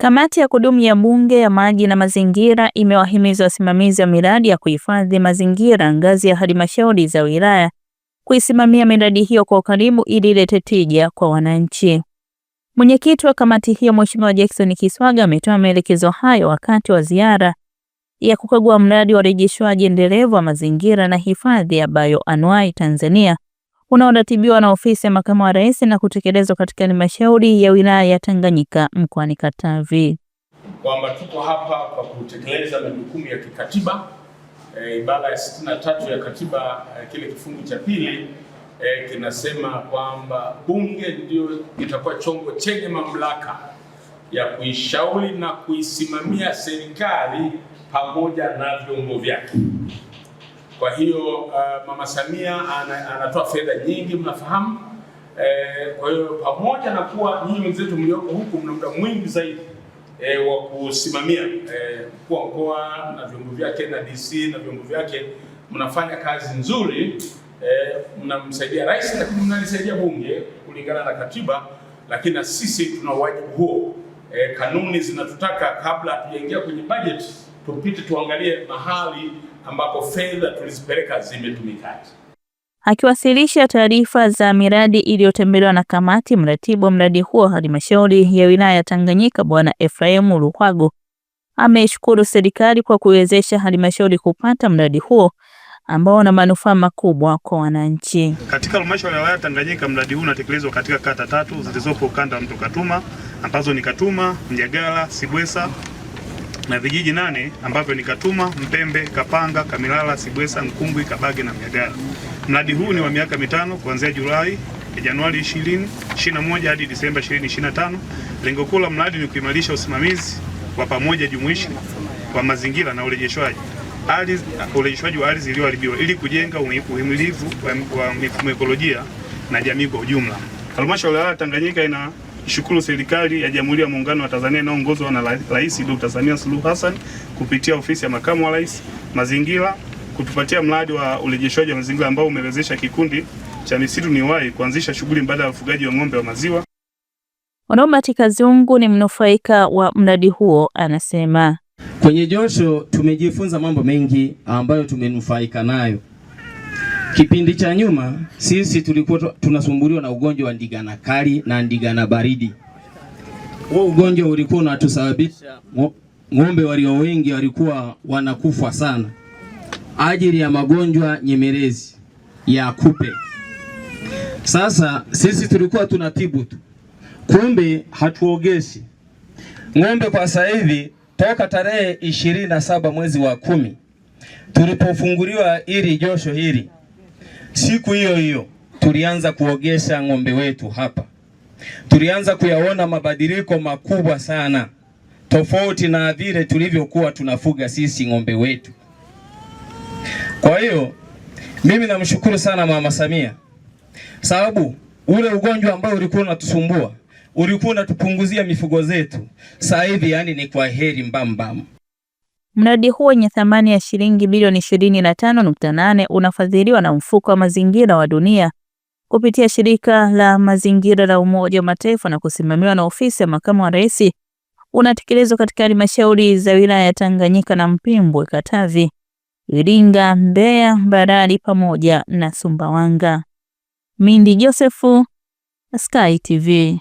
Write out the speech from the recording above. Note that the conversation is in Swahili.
Kamati ya kudumu ya Bunge ya maji na mazingira imewahimiza wasimamizi wa miradi ya kuhifadhi mazingira ngazi ya halmashauri za wilaya kuisimamia miradi hiyo kwa ukaribu ili ilete tija kwa wananchi. Mwenyekiti wa kamati hiyo Mheshimiwa Jackson Kiswaga ametoa maelekezo hayo wakati wa ziara ya kukagua mradi wa urejeshwaji endelevu wa mazingira na hifadhi ya bioanuwai Tanzania unaoratibiwa na ofisi ya makamu wa rais na kutekelezwa katika halmashauri ya wilaya ya Tanganyika mkoani Katavi. Kwamba tuko hapa kwa kutekeleza majukumu ya kikatiba e, ibara ya 63 ya katiba e, kile kifungu cha pili e, kinasema kwamba bunge ndio itakuwa chombo chenye mamlaka ya kuishauri na kuisimamia serikali pamoja na vyombo vyake. Kwa hiyo uh, Mama Samia ana, anatoa fedha nyingi mnafahamu. Eh, kwa hiyo pamoja na kuwa nyinyi wenzetu mlioko huku mna muda mwingi zaidi eh, wa kusimamia eh, mkuu wa mkoa na vyombo vyake na DC na vyombo vyake, mnafanya kazi nzuri eh, mnamsaidia rais, lakini mnalisaidia bunge kulingana na katiba, lakini na sisi tuna wajibu huo eh, kanuni zinatutaka kabla tujaingia kwenye bajeti tupite tuangalie mahali ambapo fedha tulizipeleka zimetumikaje. Akiwasilisha taarifa za miradi iliyotembelewa na kamati, mratibu wa mradi huo halmashauri ya wilaya ya Tanganyika Bwana Efraimu rukwago ameshukuru serikali kwa kuiwezesha halmashauri kupata mradi huo ambao una manufaa makubwa kwa wananchi. Katika halmashauri ya wilaya Tanganyika, mradi huu unatekelezwa katika kata tatu zilizopo ukanda wa mto Katuma ambazo ni Katuma, Mjagala, Sibwesa na vijiji nane ambavyo ni Katuma, Mpembe, Kapanga, Kamilala, Sibwesa, Nkungwi, Kabage na Mnyagara. Mradi huu ni wa miaka mitano kuanzia Julai eh, Januari 2021 hadi Disemba 2025. Lengo kuu la mradi ni kuimarisha usimamizi wa pamoja jumuishi wa mazingira na urejeshwaji ardhi, uh, urejeshwaji wa ardhi iliyoharibiwa ili kujenga uhimilivu wa, wa mifumo ekolojia na jamii kwa ujumla. Halmashauri ya Tanganyika ina shukuru serikali ya Jamhuri ya Muungano wa Tanzania inayoongozwa na Rais Dr. Samia Suluhu Hassan kupitia ofisi ya makamu wa rais mazingira kutupatia mradi wa urejeshwaji wa mazingira ambao umewezesha kikundi cha misitu NIWAI kuanzisha shughuli mbadala ya ufugaji wa ng'ombe wa maziwa. Onomat Kazungu ni mnufaika wa mradi huo, anasema kwenye josho tumejifunza mambo mengi ambayo tumenufaika nayo Kipindi cha nyuma sisi tulikuwa tunasumbuliwa na ugonjwa wa ndigana kali na ndigana baridi. Huo ugonjwa ulikuwa unatusababisha ng'ombe walio wengi walikuwa wanakufa sana ajili ya magonjwa nyemelezi ya kupe. Sasa sisi tulikuwa tunatibu tu, kumbe hatuogeshi ng'ombe. Kwa sasa hivi toka tarehe ishirini na saba mwezi wa kumi tulipofunguliwa ili josho hili Siku hiyo hiyo tulianza kuogesha ng'ombe wetu hapa, tulianza kuyaona mabadiliko makubwa sana, tofauti na vile tulivyokuwa tunafuga sisi ng'ombe wetu. Kwa hiyo mimi namshukuru sana Mama Samia, sababu ule ugonjwa ambao ulikuwa unatusumbua ulikuwa unatupunguzia mifugo zetu, sasa hivi yani ni kwa heri mbambam. Mradi huo wenye thamani ya shilingi bilioni 25.8 unafadhiliwa na mfuko wa mazingira wa dunia kupitia shirika la mazingira la Umoja wa Mataifa na kusimamiwa na ofisi ya makamu wa rais. Unatekelezwa katika halmashauri za wilaya ya Tanganyika na Mpimbwe, Katavi, Iringa, Mbeya, Mbarali pamoja na Sumbawanga. Mindi Josephu, Sky TV.